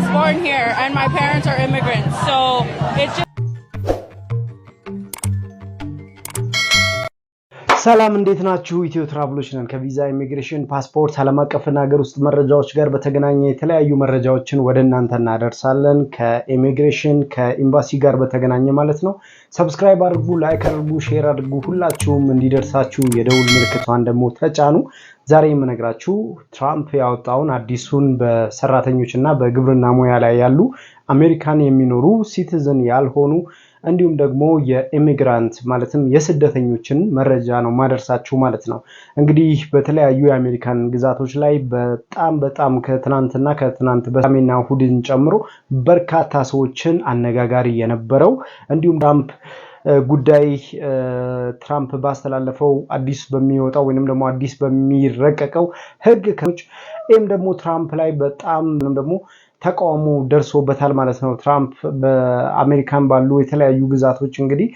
was born here, and my parents are immigrants, so it's just. ሰላም እንዴት ናችሁ? ኢትዮ ትራቭሎች ነን። ከቪዛ ኢሚግሬሽን፣ ፓስፖርት፣ ዓለም አቀፍና ሀገር ውስጥ መረጃዎች ጋር በተገናኘ የተለያዩ መረጃዎችን ወደ እናንተ እናደርሳለን። ከኢሚግሬሽን ከኤምባሲ ጋር በተገናኘ ማለት ነው። ሰብስክራይብ አድርጉ፣ ላይክ አድርጉ፣ ሼር አድርጉ። ሁላችሁም እንዲደርሳችሁ የደውል ምልክቷን ደግሞ ተጫኑ። ዛሬ የምነግራችሁ ትራምፕ ያወጣውን አዲሱን በሰራተኞች እና በግብርና ሙያ ላይ ያሉ አሜሪካን የሚኖሩ ሲቲዝን ያልሆኑ እንዲሁም ደግሞ የኢሚግራንት ማለትም የስደተኞችን መረጃ ነው ማደርሳችሁ ማለት ነው። እንግዲህ በተለያዩ የአሜሪካን ግዛቶች ላይ በጣም በጣም ከትናንትና ከትናንት በሳሜና እሁድን ጨምሮ በርካታ ሰዎችን አነጋጋሪ የነበረው እንዲሁም ትራምፕ ጉዳይ ትራምፕ ባስተላለፈው አዲስ በሚወጣው ወይም ደግሞ አዲስ በሚረቀቀው ህግ ከች ይህም ደግሞ ትራምፕ ላይ በጣም ደግሞ ተቃውሞ ደርሶበታል ማለት ነው። ትራምፕ በአሜሪካን ባሉ የተለያዩ ግዛቶች እንግዲህ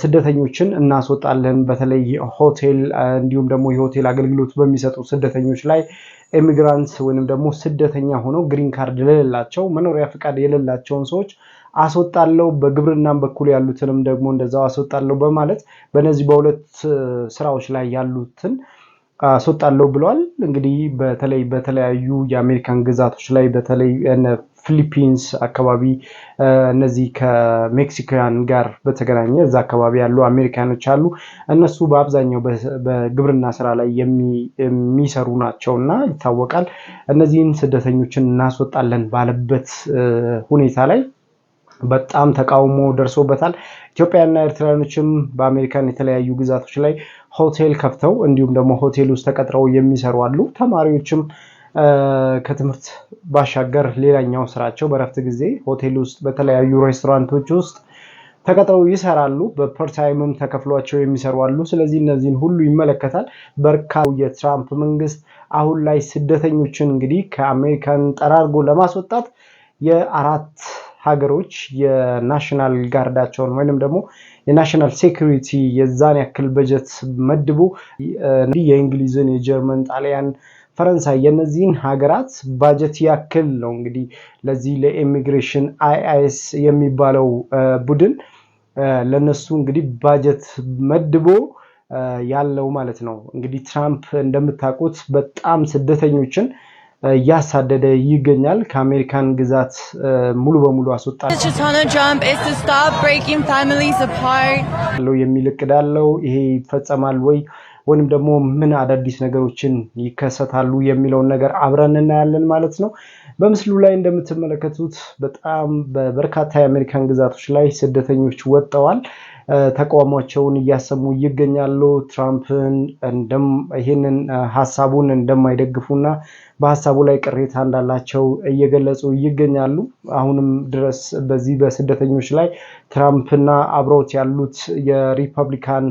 ስደተኞችን እናስወጣለን በተለይ ሆቴል እንዲሁም ደግሞ የሆቴል አገልግሎት በሚሰጡ ስደተኞች ላይ ኢሚግራንትስ ወይንም ደግሞ ስደተኛ ሆነው ግሪን ካርድ ለሌላቸው መኖሪያ ፍቃድ የሌላቸውን ሰዎች አስወጣለው፣ በግብርናም በኩል ያሉትንም ደግሞ እንደዛው አስወጣለው በማለት በነዚህ በሁለት ስራዎች ላይ ያሉትን አስወጣለሁ ብለዋል። እንግዲህ በተለይ በተለያዩ የአሜሪካን ግዛቶች ላይ በተለይ ፊሊፒንስ አካባቢ እነዚህ ከሜክሲካውያን ጋር በተገናኘ እዛ አካባቢ ያሉ አሜሪካኖች አሉ። እነሱ በአብዛኛው በግብርና ስራ ላይ የሚሰሩ ናቸው እና ይታወቃል። እነዚህን ስደተኞችን እናስወጣለን ባለበት ሁኔታ ላይ በጣም ተቃውሞ ደርሶበታል። ኢትዮጵያና ኤርትራኖችም በአሜሪካን የተለያዩ ግዛቶች ላይ ሆቴል ከፍተው እንዲሁም ደግሞ ሆቴል ውስጥ ተቀጥረው የሚሰሩ አሉ። ተማሪዎችም ከትምህርት ባሻገር ሌላኛው ስራቸው በረፍት ጊዜ ሆቴል ውስጥ በተለያዩ ሬስቶራንቶች ውስጥ ተቀጥረው ይሰራሉ። በፐርታይምም ተከፍሏቸው የሚሰሩ አሉ። ስለዚህ እነዚህን ሁሉ ይመለከታል። በርካ የትራምፕ መንግስት አሁን ላይ ስደተኞችን እንግዲህ ከአሜሪካን ጠራርጎ ለማስወጣት የአራት ሀገሮች የናሽናል ጋርዳቸውን ወይንም ደግሞ የናሽናል ሴኩሪቲ የዛን ያክል በጀት መድቦ የእንግሊዝን፣ የጀርመን፣ ጣሊያን፣ ፈረንሳይ የነዚህን ሀገራት ባጀት ያክል ነው እንግዲህ ለዚህ ለኢሚግሬሽን አይአይስ የሚባለው ቡድን ለነሱ እንግዲህ ባጀት መድቦ ያለው ማለት ነው። እንግዲህ ትራምፕ እንደምታውቁት በጣም ስደተኞችን እያሳደደ ይገኛል። ከአሜሪካን ግዛት ሙሉ በሙሉ አስወጣ የሚል እቅድ አለው። ይሄ ይፈጸማል ወይ ወይም ደግሞ ምን አዳዲስ ነገሮችን ይከሰታሉ የሚለውን ነገር አብረን እናያለን ማለት ነው። በምስሉ ላይ እንደምትመለከቱት በጣም በበርካታ የአሜሪካን ግዛቶች ላይ ስደተኞች ወጥተዋል። ተቃውሟቸውን እያሰሙ ይገኛሉ። ትራምፕን ይህንን ሀሳቡን እንደማይደግፉና በሀሳቡ ላይ ቅሬታ እንዳላቸው እየገለጹ ይገኛሉ። አሁንም ድረስ በዚህ በስደተኞች ላይ ትራምፕና አብረውት ያሉት የሪፐብሊካን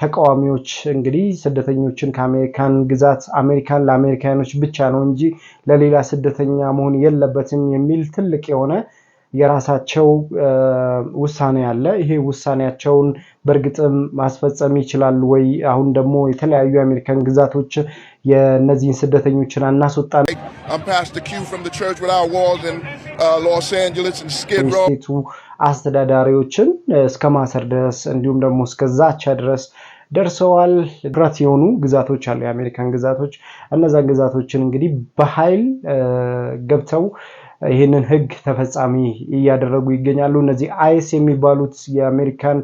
ተቃዋሚዎች እንግዲህ ስደተኞችን ከአሜሪካን ግዛት አሜሪካን ለአሜሪካኖች ብቻ ነው እንጂ ለሌላ ስደተኛ መሆን የለበትም የሚል ትልቅ የሆነ የራሳቸው ውሳኔ አለ። ይሄ ውሳኔያቸውን በእርግጥም ማስፈጸም ይችላሉ ወይ? አሁን ደግሞ የተለያዩ የአሜሪካን ግዛቶች የእነዚህን ስደተኞችን አናስወጣ uh, አስተዳዳሪዎችን እስከ ማሰር ድረስ እንዲሁም ደግሞ እስከ ዛቻ ድረስ ደርሰዋል። ድረት የሆኑ ግዛቶች አሉ፣ የአሜሪካን ግዛቶች። እነዛን ግዛቶችን እንግዲህ በኃይል ገብተው ይህንን ህግ ተፈጻሚ እያደረጉ ይገኛሉ። እነዚህ አይስ የሚባሉት የአሜሪካን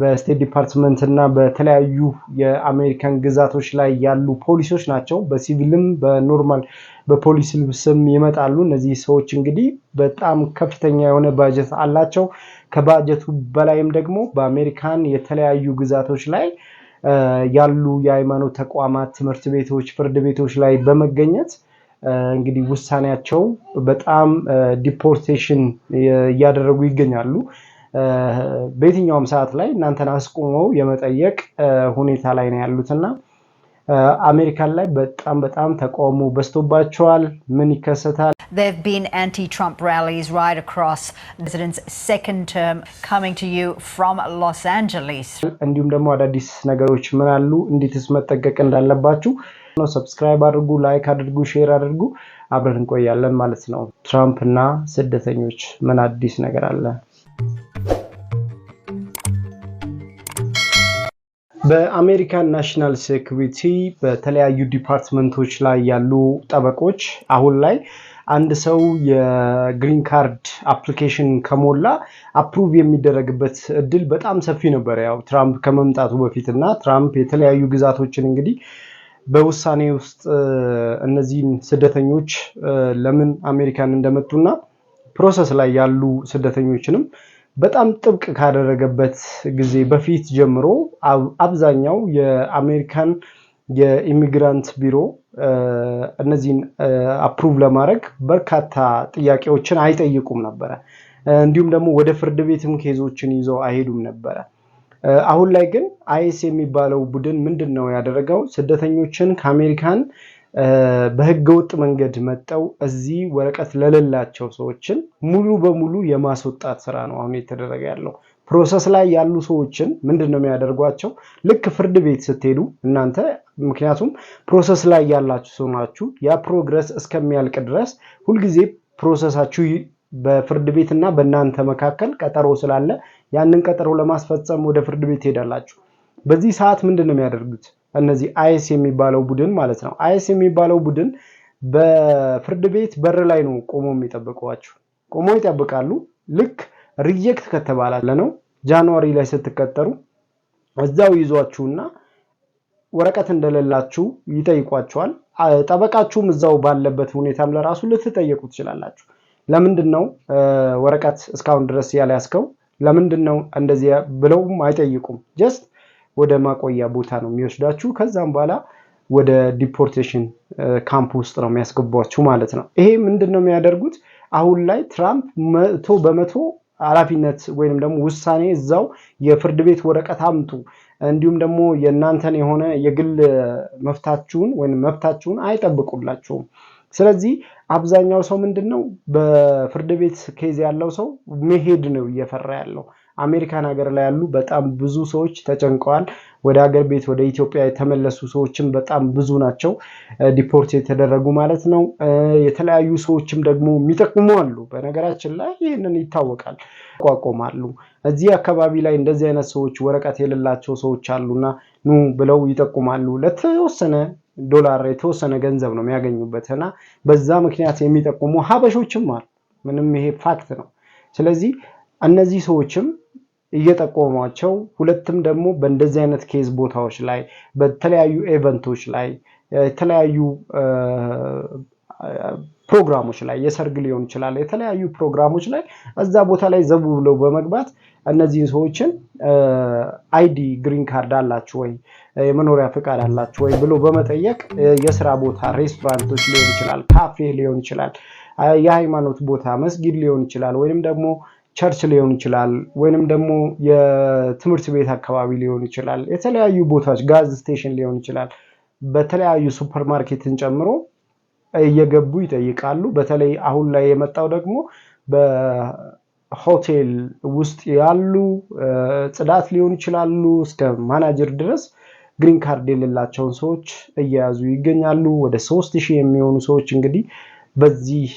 በስቴት ዲፓርትመንት እና በተለያዩ የአሜሪካን ግዛቶች ላይ ያሉ ፖሊሶች ናቸው። በሲቪልም በኖርማል በፖሊስ ልብስም ይመጣሉ። እነዚህ ሰዎች እንግዲህ በጣም ከፍተኛ የሆነ ባጀት አላቸው። ከባጀቱ በላይም ደግሞ በአሜሪካን የተለያዩ ግዛቶች ላይ ያሉ የሃይማኖት ተቋማት፣ ትምህርት ቤቶች፣ ፍርድ ቤቶች ላይ በመገኘት እንግዲህ ውሳኔያቸው በጣም ዲፖርቴሽን እያደረጉ ይገኛሉ። በየትኛውም ሰዓት ላይ እናንተን አስቁመው የመጠየቅ ሁኔታ ላይ ነው ያሉትና አሜሪካን ላይ በጣም በጣም ተቃውሞ በዝቶባቸዋል። ምን ይከሰታል? There have been anti-Trump rallies right across the president's second term coming to you from Los Angeles. እንዲሁም ደግሞ አዳዲስ ነገሮች ምን አሉ? እንዴትስ መጠቀቅ እንዳለባችሁ ነው። ሰብስክራይብ አድርጉ፣ ላይክ አድርጉ፣ ሼር አድርጉ። አብረን እንቆያለን ማለት ነው። ትራምፕ እና ስደተኞች ምን አዲስ ነገር አለ? በአሜሪካን ናሽናል ሴኩሪቲ በተለያዩ ዲፓርትመንቶች ላይ ያሉ ጠበቆች አሁን ላይ አንድ ሰው የግሪን ካርድ አፕሊኬሽን ከሞላ አፕሩቭ የሚደረግበት እድል በጣም ሰፊ ነበር፣ ያው ትራምፕ ከመምጣቱ በፊት እና ትራምፕ የተለያዩ ግዛቶችን እንግዲህ በውሳኔ ውስጥ እነዚህን ስደተኞች ለምን አሜሪካን እንደመጡና ፕሮሰስ ላይ ያሉ ስደተኞችንም በጣም ጥብቅ ካደረገበት ጊዜ በፊት ጀምሮ አብዛኛው የአሜሪካን የኢሚግራንት ቢሮ እነዚህን አፕሩቭ ለማድረግ በርካታ ጥያቄዎችን አይጠይቁም ነበረ። እንዲሁም ደግሞ ወደ ፍርድ ቤትም ኬዞችን ይዘው አይሄዱም ነበረ። አሁን ላይ ግን አይስ የሚባለው ቡድን ምንድን ነው ያደረገው? ስደተኞችን ከአሜሪካን በህገወጥ መንገድ መጠው እዚህ ወረቀት ለሌላቸው ሰዎችን ሙሉ በሙሉ የማስወጣት ስራ ነው አሁን የተደረገ ያለው። ፕሮሰስ ላይ ያሉ ሰዎችን ምንድን ነው የሚያደርጓቸው? ልክ ፍርድ ቤት ስትሄዱ እናንተ ምክንያቱም ፕሮሰስ ላይ ያላችሁ ሰው ናችሁ። ያ ፕሮግረስ እስከሚያልቅ ድረስ ሁልጊዜ ፕሮሰሳችሁ በፍርድ ቤት እና በእናንተ መካከል ቀጠሮ ስላለ ያንን ቀጠሮ ለማስፈጸም ወደ ፍርድ ቤት ትሄዳላችሁ። በዚህ ሰዓት ምንድን ነው የሚያደርጉት እነዚህ አይስ የሚባለው ቡድን ማለት ነው። አይስ የሚባለው ቡድን በፍርድ ቤት በር ላይ ነው ቆሞ የሚጠብቀዋችሁ። ቆሞ ይጠብቃሉ። ልክ ሪጀክት ከተባላለ ነው ጃንዋሪ ላይ ስትቀጠሩ እዛው ይዟችሁና ወረቀት እንደሌላችሁ ይጠይቋቸዋል። ጠበቃችሁም እዛው ባለበት ሁኔታም ለራሱ ልትጠየቁ ትችላላችሁ። ለምንድን ነው ወረቀት እስካሁን ድረስ ያልያዝከው? ለምንድን ነው እንደዚያ ብለውም አይጠይቁም። ጀስት ወደ ማቆያ ቦታ ነው የሚወስዳችሁ። ከዛም በኋላ ወደ ዲፖርቴሽን ካምፕ ውስጥ ነው የሚያስገቧችሁ ማለት ነው። ይሄ ምንድን ነው የሚያደርጉት? አሁን ላይ ትራምፕ መቶ በመቶ ኃላፊነት ወይም ደግሞ ውሳኔ እዛው የፍርድ ቤት ወረቀት አምጡ፣ እንዲሁም ደግሞ የእናንተን የሆነ የግል መፍታችሁን ወይም መብታችሁን አይጠብቁላችሁም። ስለዚህ አብዛኛው ሰው ምንድን ነው በፍርድ ቤት ኬዝ ያለው ሰው መሄድ ነው እየፈራ ያለው። አሜሪካን ሀገር ላይ ያሉ በጣም ብዙ ሰዎች ተጨንቀዋል። ወደ ሀገር ቤት ወደ ኢትዮጵያ የተመለሱ ሰዎችም በጣም ብዙ ናቸው፣ ዲፖርት የተደረጉ ማለት ነው። የተለያዩ ሰዎችም ደግሞ የሚጠቅሙ አሉ። በነገራችን ላይ ይህንን ይታወቃል፣ ይቋቋማሉ። እዚህ አካባቢ ላይ እንደዚህ አይነት ሰዎች ወረቀት የሌላቸው ሰዎች አሉና ኑ ብለው ይጠቁማሉ ለተወሰነ ዶላር የተወሰነ ገንዘብ ነው የሚያገኙበት እና በዛ ምክንያት የሚጠቁሙ ሀበሾችም አሉ። ምንም ይሄ ፋክት ነው። ስለዚህ እነዚህ ሰዎችም እየጠቆሟቸው ሁለትም ደግሞ በእንደዚህ አይነት ኬዝ ቦታዎች ላይ በተለያዩ ኤቨንቶች ላይ የተለያዩ ፕሮግራሞች ላይ የሰርግ ሊሆን ይችላል፣ የተለያዩ ፕሮግራሞች ላይ እዛ ቦታ ላይ ዘቡ ብለው በመግባት እነዚህን ሰዎችን አይዲ ግሪን ካርድ አላችሁ ወይ የመኖሪያ ፈቃድ አላችሁ ወይ ብሎ በመጠየቅ የስራ ቦታ ሬስቶራንቶች ሊሆን ይችላል፣ ካፌ ሊሆን ይችላል፣ የሃይማኖት ቦታ መስጊድ ሊሆን ይችላል፣ ወይንም ደግሞ ቸርች ሊሆን ይችላል፣ ወይንም ደግሞ የትምህርት ቤት አካባቢ ሊሆን ይችላል፣ የተለያዩ ቦታዎች ጋዝ ስቴሽን ሊሆን ይችላል፣ በተለያዩ ሱፐርማርኬትን ጨምሮ እየገቡ ይጠይቃሉ። በተለይ አሁን ላይ የመጣው ደግሞ በሆቴል ውስጥ ያሉ ጽዳት ሊሆን ይችላሉ እስከ ማናጀር ድረስ ግሪን ካርድ የሌላቸውን ሰዎች እየያዙ ይገኛሉ። ወደ ሶስት ሺህ የሚሆኑ ሰዎች እንግዲህ በዚህ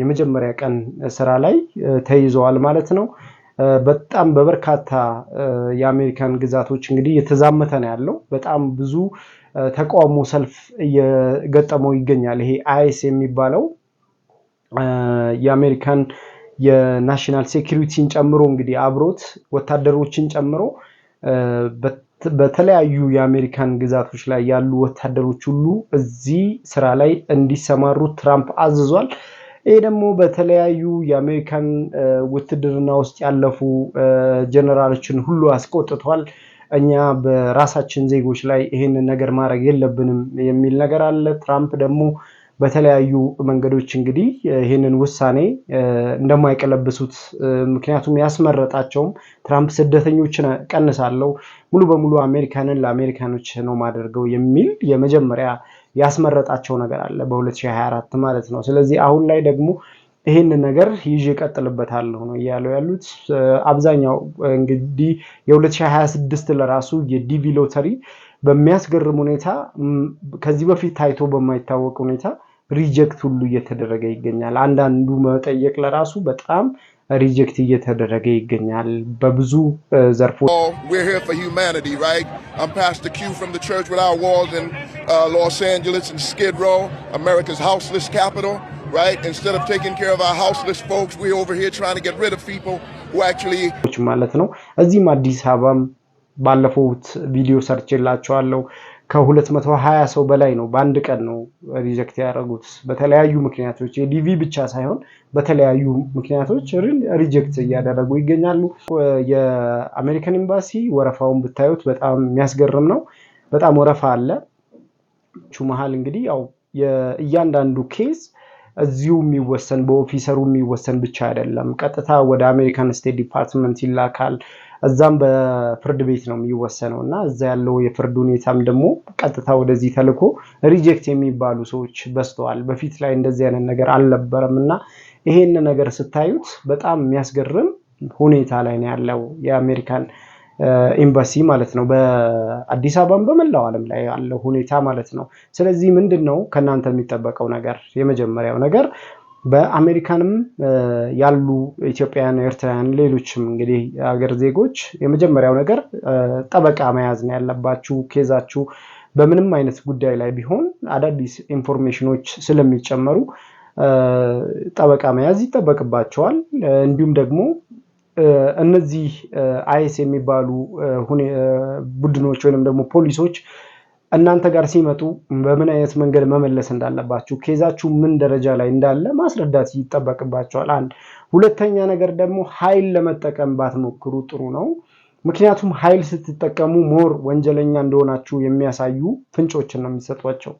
የመጀመሪያ ቀን ስራ ላይ ተይዘዋል ማለት ነው። በጣም በበርካታ የአሜሪካን ግዛቶች እንግዲህ የተዛመተ ነው ያለው በጣም ብዙ ተቃውሞ ሰልፍ እየገጠመው ይገኛል። ይሄ አይስ የሚባለው የአሜሪካን የናሽናል ሴኪሪቲን ጨምሮ እንግዲህ አብሮት ወታደሮችን ጨምሮ በተለያዩ የአሜሪካን ግዛቶች ላይ ያሉ ወታደሮች ሁሉ እዚህ ስራ ላይ እንዲሰማሩ ትራምፕ አዝዟል። ይህ ደግሞ በተለያዩ የአሜሪካን ውትድርና ውስጥ ያለፉ ጀነራሎችን ሁሉ አስቆጥቷል። እኛ በራሳችን ዜጎች ላይ ይህንን ነገር ማድረግ የለብንም የሚል ነገር አለ። ትራምፕ ደግሞ በተለያዩ መንገዶች እንግዲህ ይህንን ውሳኔ እንደማይቀለብሱት ምክንያቱም ያስመረጣቸውም ትራምፕ ስደተኞችን ቀንሳለው ሙሉ በሙሉ አሜሪካንን ለአሜሪካኖች ነው ማደርገው የሚል የመጀመሪያ ያስመረጣቸው ነገር አለ በ2024 ማለት ነው። ስለዚህ አሁን ላይ ደግሞ ይህንን ነገር ይዤ እቀጥልበታለሁ ነው እያሉ ያሉት። አብዛኛው እንግዲህ የ2026 ለራሱ የዲቪ ሎተሪ በሚያስገርም ሁኔታ ከዚህ በፊት ታይቶ በማይታወቅ ሁኔታ ሪጀክት ሁሉ እየተደረገ ይገኛል። አንዳንዱ መጠየቅ ለራሱ በጣም ሪጀክት እየተደረገ ይገኛል በብዙ ዘርፎች። right? Instead of taking care of our houseless folks, we're over here trying to get rid of people who actually ማለት ነው። እዚህም አዲስ አበባም ባለፉት ቪዲዮ ሰርች የላቸዋለሁ ከ220 ሰው በላይ ነው በአንድ ቀን ነው ሪጀክት ያደረጉት። በተለያዩ ምክንያቶች የዲቪ ብቻ ሳይሆን በተለያዩ ምክንያቶች ሪጀክት እያደረጉ ይገኛሉ። የአሜሪካን ኤምባሲ ወረፋውን ብታዩት በጣም የሚያስገርም ነው። በጣም ወረፋ አለ መሀል እንግዲህ ያው የእያንዳንዱ ኬዝ እዚሁ የሚወሰን በኦፊሰሩ የሚወሰን ብቻ አይደለም። ቀጥታ ወደ አሜሪካን ስቴት ዲፓርትመንት ይላካል። እዛም በፍርድ ቤት ነው የሚወሰነው እና እዛ ያለው የፍርድ ሁኔታም ደግሞ ቀጥታ ወደዚህ ተልኮ ሪጀክት የሚባሉ ሰዎች በዝተዋል። በፊት ላይ እንደዚህ አይነት ነገር አልነበረም እና ይሄን ነገር ስታዩት በጣም የሚያስገርም ሁኔታ ላይ ነው ያለው የአሜሪካን ኤምባሲ ማለት ነው። በአዲስ አበባም በመላው ዓለም ላይ ያለው ሁኔታ ማለት ነው። ስለዚህ ምንድን ነው ከእናንተ የሚጠበቀው ነገር? የመጀመሪያው ነገር በአሜሪካንም ያሉ ኢትዮጵያውያን፣ ኤርትራውያን፣ ሌሎችም እንግዲህ የሀገር ዜጎች የመጀመሪያው ነገር ጠበቃ መያዝ ነው ያለባችሁ ኬዛችሁ በምንም አይነት ጉዳይ ላይ ቢሆን አዳዲስ ኢንፎርሜሽኖች ስለሚጨመሩ ጠበቃ መያዝ ይጠበቅባቸዋል። እንዲሁም ደግሞ እነዚህ አይስ የሚባሉ ቡድኖች ወይም ደግሞ ፖሊሶች እናንተ ጋር ሲመጡ በምን አይነት መንገድ መመለስ እንዳለባችሁ ኬዛችሁ ምን ደረጃ ላይ እንዳለ ማስረዳት ይጠበቅባቸዋል። አንድ ሁለተኛ ነገር ደግሞ ኃይል ለመጠቀም ባትሞክሩ ጥሩ ነው። ምክንያቱም ኃይል ስትጠቀሙ ሞር ወንጀለኛ እንደሆናችሁ የሚያሳዩ ፍንጮችን ነው የሚሰጧቸው።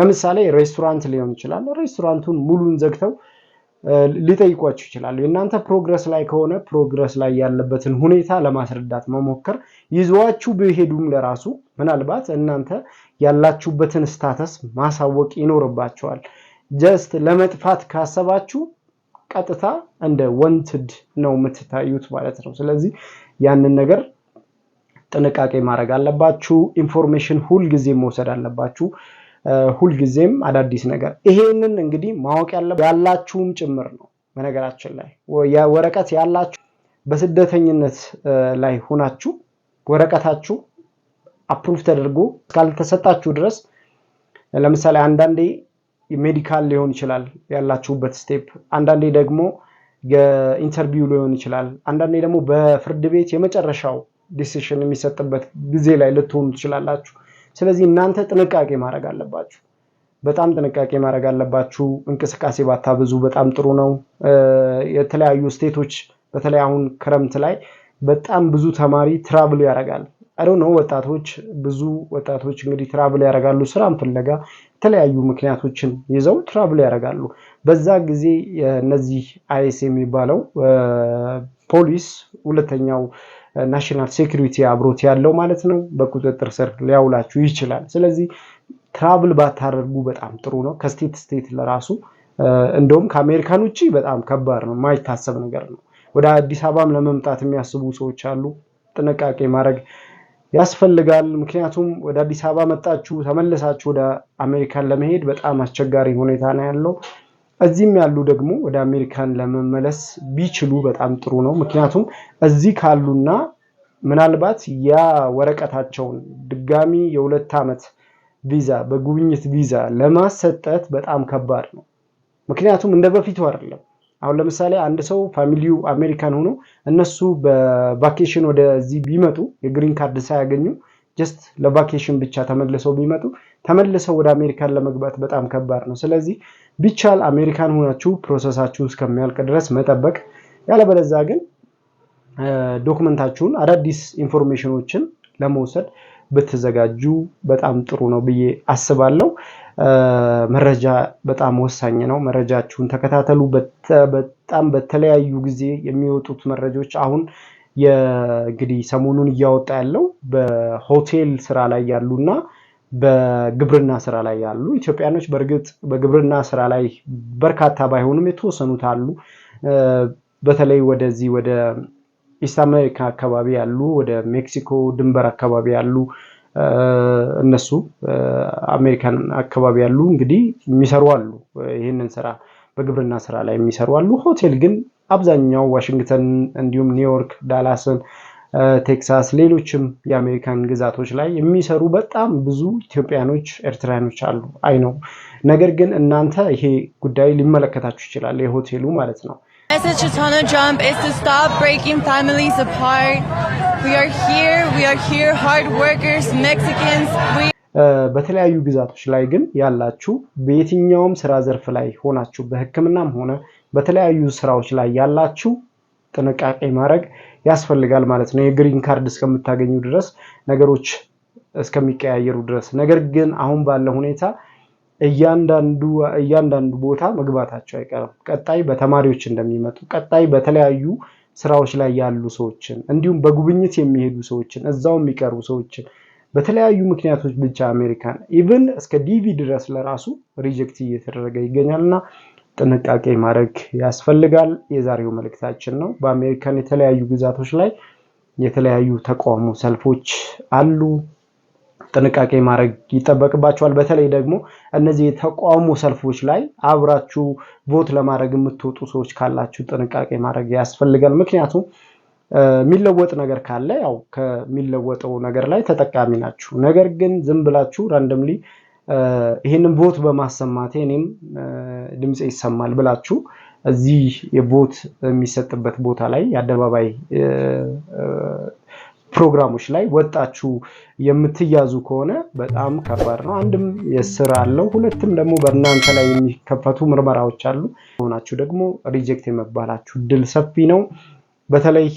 ለምሳሌ ሬስቶራንት ሊሆን ይችላል። ሬስቶራንቱን ሙሉን ዘግተው ሊጠይቋችሁ ይችላሉ። እናንተ ፕሮግረስ ላይ ከሆነ ፕሮግረስ ላይ ያለበትን ሁኔታ ለማስረዳት መሞከር ይዘዋችሁ ቢሄዱም ለራሱ ምናልባት እናንተ ያላችሁበትን ስታተስ ማሳወቅ ይኖርባቸዋል። ጀስት ለመጥፋት ካሰባችሁ ቀጥታ እንደ ወንትድ ነው የምትታዩት ማለት ነው። ስለዚህ ያንን ነገር ጥንቃቄ ማድረግ አለባችሁ። ኢንፎርሜሽን ሁልጊዜ መውሰድ አለባችሁ። ሁልጊዜም አዳዲስ ነገር ይሄንን እንግዲህ ማወቅ ያላችሁም ጭምር ነው። በነገራችን ላይ ወረቀት ያላችሁ በስደተኝነት ላይ ሆናችሁ ወረቀታችሁ አፕሩፍ ተደርጎ እስካልተሰጣችሁ ድረስ ለምሳሌ አንዳንዴ ሜዲካል ሊሆን ይችላል ያላችሁበት ስቴፕ፣ አንዳንዴ ደግሞ የኢንተርቪው ሊሆን ይችላል፣ አንዳንዴ ደግሞ በፍርድ ቤት የመጨረሻው ዲሲሽን የሚሰጥበት ጊዜ ላይ ልትሆኑ ትችላላችሁ። ስለዚህ እናንተ ጥንቃቄ ማድረግ አለባችሁ። በጣም ጥንቃቄ ማድረግ አለባችሁ። እንቅስቃሴ ባታብዙ በጣም ጥሩ ነው። የተለያዩ ስቴቶች በተለይ አሁን ክረምት ላይ በጣም ብዙ ተማሪ ትራብል ያደርጋል። አዶ ነው ወጣቶች፣ ብዙ ወጣቶች እንግዲህ ትራብል ያደርጋሉ። ስራም ፍለጋ የተለያዩ ምክንያቶችን ይዘው ትራብል ያደርጋሉ። በዛ ጊዜ እነዚህ አይስ የሚባለው ፖሊስ ሁለተኛው ናሽናል ሴኩሪቲ አብሮት ያለው ማለት ነው በቁጥጥር ስር ሊያውላችሁ ይችላል። ስለዚህ ትራቭል ባታደርጉ በጣም ጥሩ ነው። ከስቴት ስቴት ለራሱ እንደውም ከአሜሪካን ውጭ በጣም ከባድ ነው፣ ማይታሰብ ነገር ነው። ወደ አዲስ አበባም ለመምጣት የሚያስቡ ሰዎች አሉ። ጥንቃቄ ማድረግ ያስፈልጋል። ምክንያቱም ወደ አዲስ አበባ መጣችሁ ተመለሳችሁ ወደ አሜሪካን ለመሄድ በጣም አስቸጋሪ ሁኔታ ነው ያለው። እዚህም ያሉ ደግሞ ወደ አሜሪካን ለመመለስ ቢችሉ በጣም ጥሩ ነው። ምክንያቱም እዚህ ካሉና ምናልባት ያ ወረቀታቸውን ድጋሚ የሁለት ዓመት ቪዛ በጉብኝት ቪዛ ለማሰጠት በጣም ከባድ ነው። ምክንያቱም እንደ በፊቱ አይደለም። አሁን ለምሳሌ አንድ ሰው ፋሚሊው አሜሪካን ሆኖ እነሱ በቫኬሽን ወደዚህ ቢመጡ የግሪን ካርድ ሳያገኙ ጀስት ለቫኬሽን ብቻ ተመልሰው ቢመጡ ተመልሰው ወደ አሜሪካን ለመግባት በጣም ከባድ ነው። ስለዚህ ቢቻል አሜሪካን ሆናችሁ ፕሮሰሳችሁ እስከሚያልቅ ድረስ መጠበቅ፣ ያለበለዚያ ግን ዶክመንታችሁን አዳዲስ ኢንፎርሜሽኖችን ለመውሰድ ብትዘጋጁ በጣም ጥሩ ነው ብዬ አስባለሁ። መረጃ በጣም ወሳኝ ነው። መረጃችሁን ተከታተሉ። በጣም በተለያዩ ጊዜ የሚወጡት መረጃዎች አሁን እንግዲህ ሰሞኑን እያወጣ ያለው በሆቴል ስራ ላይ ያሉና በግብርና ስራ ላይ ያሉ ኢትዮጵያኖች በእርግጥ በግብርና ስራ ላይ በርካታ ባይሆኑም የተወሰኑት አሉ። በተለይ ወደዚህ ወደ ኢስት አሜሪካ አካባቢ ያሉ ወደ ሜክሲኮ ድንበር አካባቢ ያሉ እነሱ አሜሪካን አካባቢ ያሉ እንግዲህ የሚሰሩ አሉ። ይህንን ስራ በግብርና ስራ ላይ የሚሰሩ አሉ። ሆቴል ግን አብዛኛው ዋሽንግተን፣ እንዲሁም ኒውዮርክ፣ ዳላስን ቴክሳስ፣ ሌሎችም የአሜሪካን ግዛቶች ላይ የሚሰሩ በጣም ብዙ ኢትዮጵያኖች፣ ኤርትራያኖች አሉ አይ ነው። ነገር ግን እናንተ ይሄ ጉዳይ ሊመለከታችሁ ይችላል፣ የሆቴሉ ማለት ነው። በተለያዩ ግዛቶች ላይ ግን ያላችሁ በየትኛውም ስራ ዘርፍ ላይ ሆናችሁ በሕክምናም ሆነ በተለያዩ ስራዎች ላይ ያላችሁ ጥንቃቄ ማድረግ ያስፈልጋል ማለት ነው። የግሪን ካርድ እስከምታገኙ ድረስ ነገሮች እስከሚቀያየሩ ድረስ። ነገር ግን አሁን ባለ ሁኔታ እያንዳንዱ እያንዳንዱ ቦታ መግባታቸው አይቀርም። ቀጣይ በተማሪዎች እንደሚመጡ ቀጣይ በተለያዩ ስራዎች ላይ ያሉ ሰዎችን እንዲሁም በጉብኝት የሚሄዱ ሰዎችን እዛው የሚቀሩ ሰዎችን በተለያዩ ምክንያቶች ብቻ አሜሪካን ኢቭን እስከ ዲቪ ድረስ ለራሱ ሪጀክት እየተደረገ ይገኛል እና ጥንቃቄ ማድረግ ያስፈልጋል የዛሬው መልእክታችን ነው። በአሜሪካን የተለያዩ ግዛቶች ላይ የተለያዩ ተቃውሞ ሰልፎች አሉ። ጥንቃቄ ማድረግ ይጠበቅባቸዋል። በተለይ ደግሞ እነዚህ የተቃውሞ ሰልፎች ላይ አብራችሁ ቮት ለማድረግ የምትወጡ ሰዎች ካላችሁ ጥንቃቄ ማድረግ ያስፈልጋል። ምክንያቱም የሚለወጥ ነገር ካለ ያው ከሚለወጠው ነገር ላይ ተጠቃሚ ናችሁ። ነገር ግን ዝም ብላችሁ ራንደምሊ ይህንን ቦት በማሰማቴ እኔም ድምፅ ይሰማል ብላችሁ እዚህ የቦት የሚሰጥበት ቦታ ላይ የአደባባይ ፕሮግራሞች ላይ ወጣችሁ የምትያዙ ከሆነ በጣም ከባድ ነው። አንድም የስር አለው፣ ሁለትም ደግሞ በእናንተ ላይ የሚከፈቱ ምርመራዎች አሉ። ሆናችሁ ደግሞ ሪጀክት የመባላችሁ ድል ሰፊ ነው። በተለይ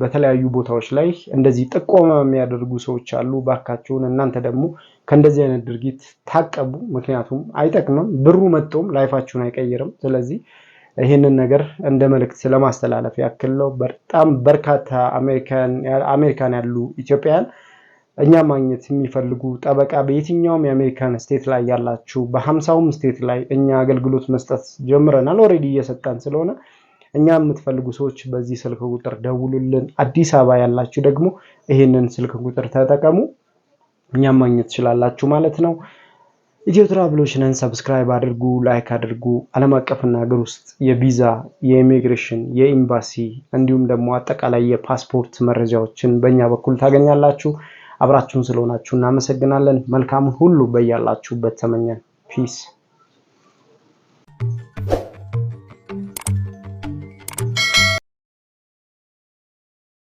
በተለያዩ ቦታዎች ላይ እንደዚህ ጥቆማ የሚያደርጉ ሰዎች አሉ። ባካችሁን እናንተ ደግሞ ከእንደዚህ አይነት ድርጊት ታቀቡ። ምክንያቱም አይጠቅምም፣ ብሩ መጥቶም ላይፋችሁን አይቀይርም። ስለዚህ ይህንን ነገር እንደ መልእክት ለማስተላለፍ ያክል ነው። በጣም በርካታ አሜሪካን ያሉ ኢትዮጵያውያን እኛ ማግኘት የሚፈልጉ ጠበቃ በየትኛውም የአሜሪካን ስቴት ላይ ያላችሁ፣ በሀምሳውም ስቴት ላይ እኛ አገልግሎት መስጠት ጀምረናል። ኦልሬዲ እየሰጠን ስለሆነ እኛ የምትፈልጉ ሰዎች በዚህ ስልክ ቁጥር ደውሉልን። አዲስ አበባ ያላችሁ ደግሞ ይህንን ስልክ ቁጥር ተጠቀሙ። እኛም ማግኘት ትችላላችሁ ማለት ነው። ኢትዮ ትራቭሎችንን ሰብስክራይብ አድርጉ፣ ላይክ አድርጉ። ዓለም አቀፍና ሀገር ውስጥ የቪዛ የኢሚግሬሽን፣ የኤምባሲ እንዲሁም ደግሞ አጠቃላይ የፓስፖርት መረጃዎችን በእኛ በኩል ታገኛላችሁ። አብራችሁን ስለሆናችሁ እናመሰግናለን። መልካሙን ሁሉ በያላችሁበት ተመኘን። ፒስ